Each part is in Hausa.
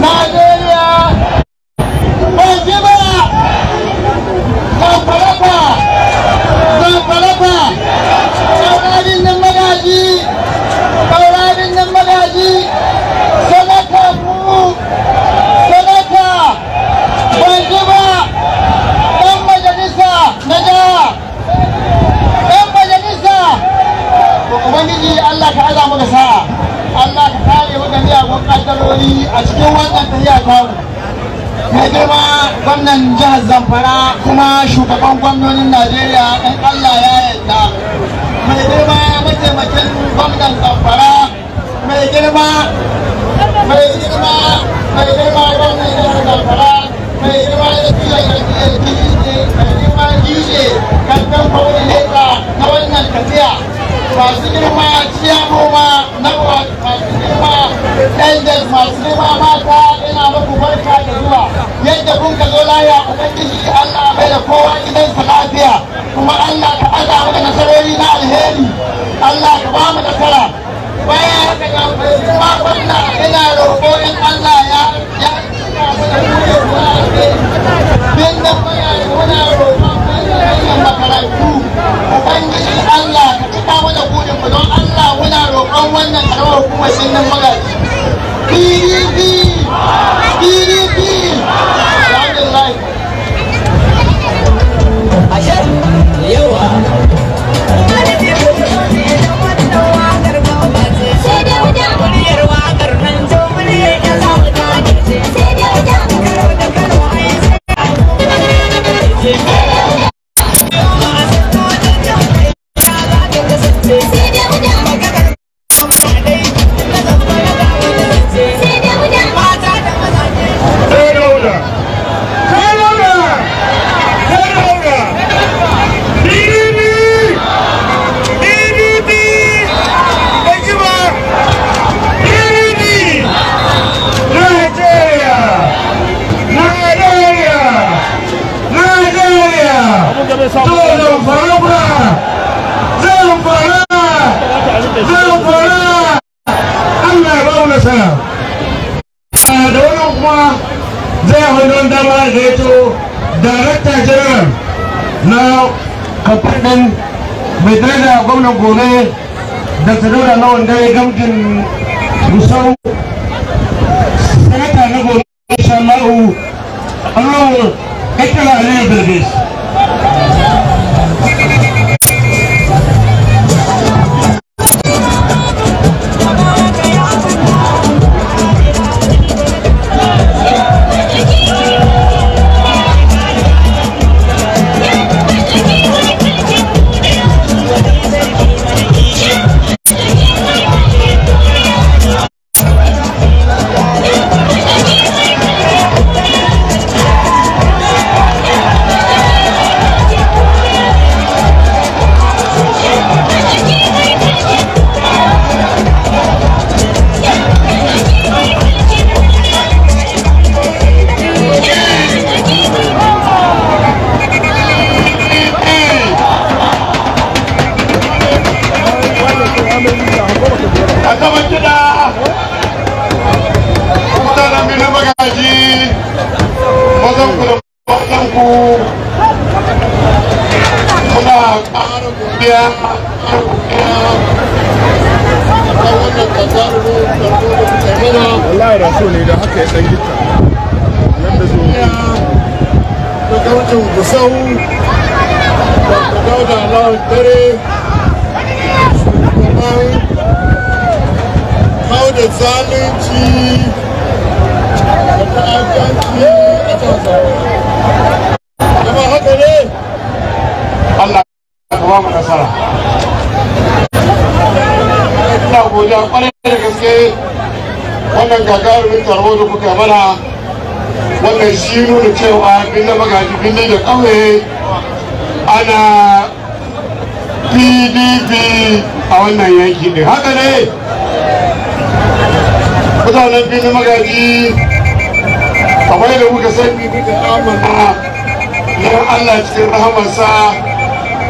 My a cikin wannan tafiya kawo mai girma gwamnan jihar zamfara kuma shugaban gwamnonin najeriya ɗan allah ya yadda mai girma mataimakin gwamnan zamfara mai girma mai girma mai girma gwamnan jihar zamfara mai girma yadda kun ka zo laya ubangiji Allah mai da kowa gidansa lafiya kuma Allah ka aza maka nasarori na alheri Allah ka ba mu nasara bayan haka ya kuma wanda ina roƙo in Allah ya ya bin da bayan muna roƙon manyan makarantu ubangiji Allah ka cika mana burin mu don Allah muna roƙon wannan karamar hukumar sinnin magaji Bibi! gaito darakta general na kamfan ɗin mai daraja gwamnan gobe dr daura lawan dare gamgin musau sanata na gobe insha Allah Allah ya Aliyu Bilgis gwamnatin gusau dr dauda lawan dare shugaban hau da zalunci da ta'addanci a jihar kuma haka ne allah ya kuma mu nasara ina godiya kwarai da gaske wannan gagarumin tarho da kuka mana wannan shi nuna cewa binne magaji binne da kauye ana pdp a wannan yanki ne haka ne mutanen binne magaji kamar da muka sani muka amana na allah cikin rahamarsa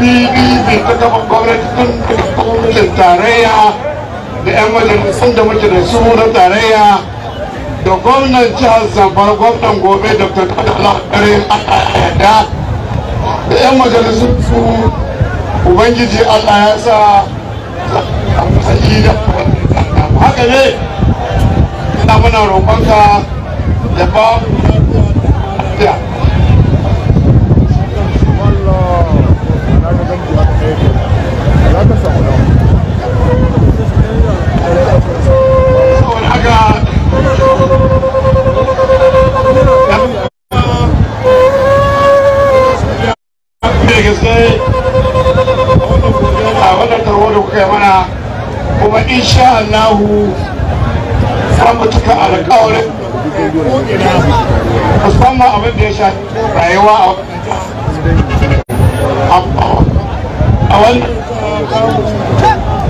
pdp ta kafa gwamnatin gwamnatin tarayya da 'yan majalisun da muke da su na tarayya da gwamnan jihar zamfara gwamnan gobe da tattalin da da 'yan majalisun su ubangiji allah ya sa da haka ne ina muna roƙonka da ba mu da mana kuma insha Allahu za mu cika alƙawarin musamman abin da ya sha rayuwa a wani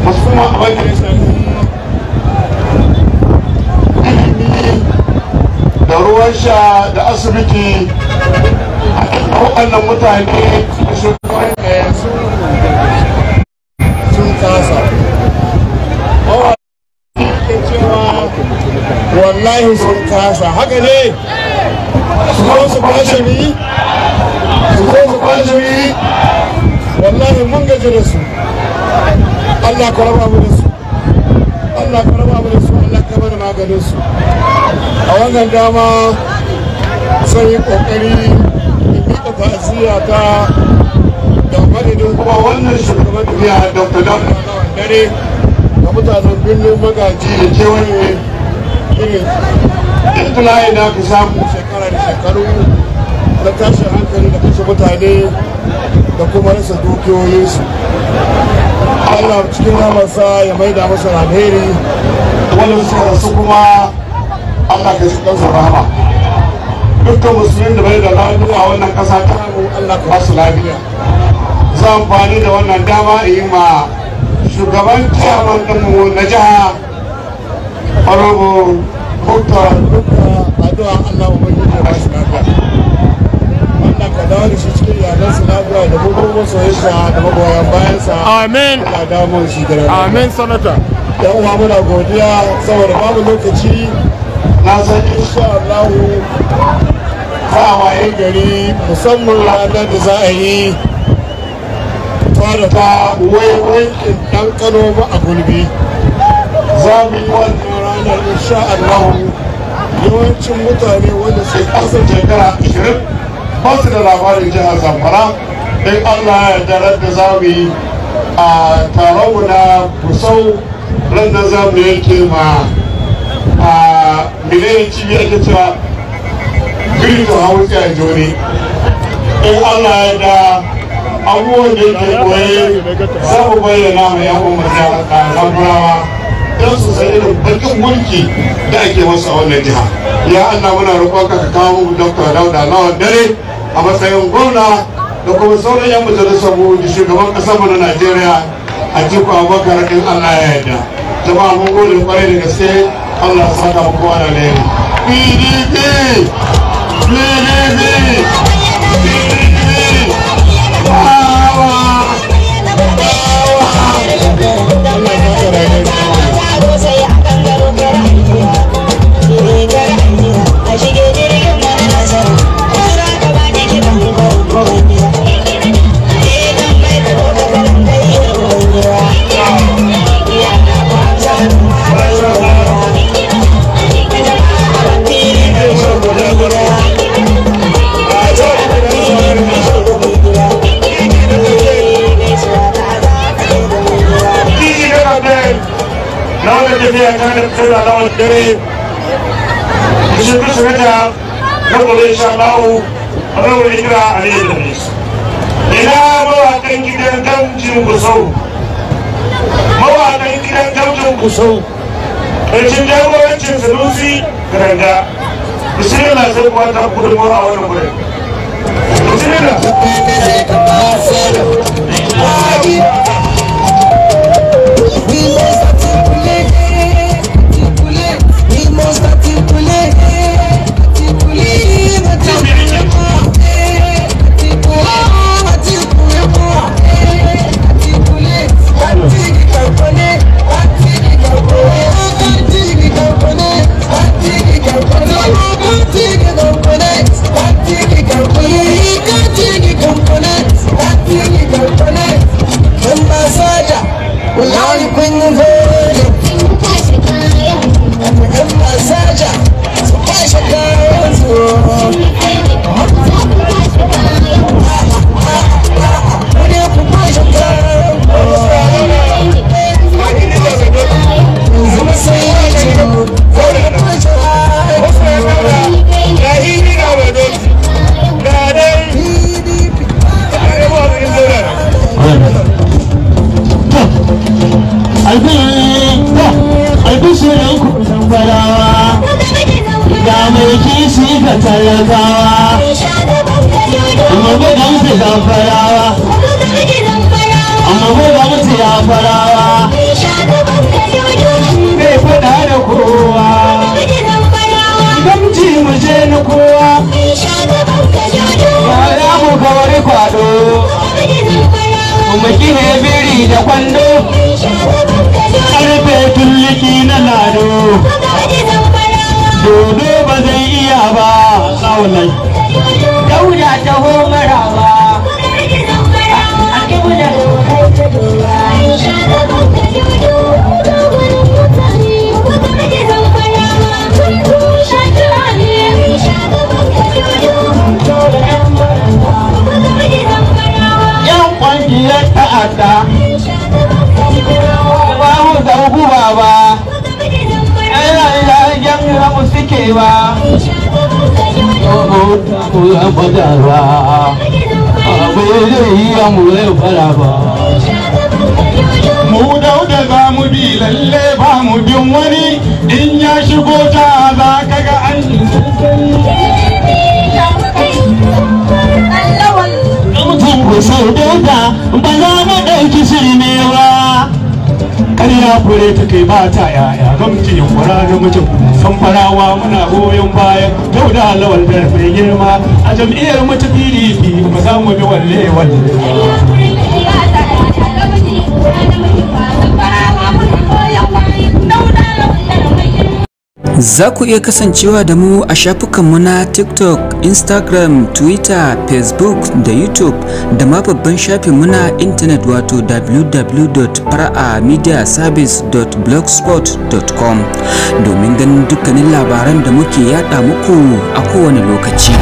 musamman abin da ya sha da ruwan sha da asibiti a waɗannan mutane su kawai kasa cewa oh, wallahi sun kasa haka ne su zo su ni su zo su ni wallahi mun gaji da su Allah mu da su Allah mu da su Allah maganin su a wannan dama sai kokari in bi ta ta da madadin kuma wannan shugaban duniya dr dam dare da mutanen birnin magaji da kewaye irin ibtila'i da fi samu shekara da shekaru na tashin hankali da kashe mutane da kuma rasa dukiyoyinsu allah cikin ramarsa ya maida masa alheri wanda suka rasu kuma allah ka shi kansa rahama dukkan musulmin da bai da lafiya a wannan kasa ta Allah ka ba su lafiya su amfani da wannan dama yi ma shugaban ciyaman ɗinmu na jiha honorable Bukta addu'a Allah ubangiji ya bashi lafiya wannan ka dawo da shi cikin iyalansa lafiya da gugun masoyinsa da magoyan bayansa amen da dawo shi gara amen sanata yan uwa muna godiya saboda babu lokaci na san insha Allah za a waye gari musamman ranar da za a yi fara ba wai dan kano ba a gulbi za mu yi wannan ranar insha Allah yawancin mutane wanda sai kasar shekara 20 ba su da labarin jihar zamfara in Allah ya yarda da za mu yi a taron na kusau ran da za mu yanke ma a miliyan cibiyar da cewa green to house ya jone in Allah ya yarda abubuwan da ke koye sabu bayyana mai yan umarta a zamurawa don su sani bakin mulki da ake masa a wannan jiha ya allah muna roƙonka ka kawo dr dauda lawan dare a matsayin gwamna da kuma sauran yan majalisar mu da shugaban ƙasar mu na najeriya a cikin abubakar in allah ya yarda jama'a mun gode kwarai da gaske allah saka mu kowa da pdp ne shi bi su rika wanda insha Allah rawu ikra alayhi bilbis ina mawaƙan gidan gamjin gusau mawaƙan gidan gamjin gusau ƙarshen sanusi garanga bismillah sai kuma ta gudunmawa a wannan gurin bismillah 我要你滚滚滚。narkewa Oho ta kura madara ba Mu za mu bi lalle ba mu bin wani in ya shigo ta za ka ga an Mutum ku sau dauda ba za mu ɗauki ya kure ta kai ba ta yaya ban ki yunkura da mutum kan farawa muna goyon baya yau da halawar da mai girma a jam'iyyar mutu pdp ba za mu bi wallewa da ya kure ta kai ba ta yaya ban ki yunkura da mutum ba Za ku iya kasancewa da mu a shafukanmu na TikTok, Instagram, Twitter, Facebook da YouTube da ma babban shafinmu na intanet wato www.fara'amediaservice.blogspot.com domin ganin dukkanin labaran da muke yada muku a kowane lokaci.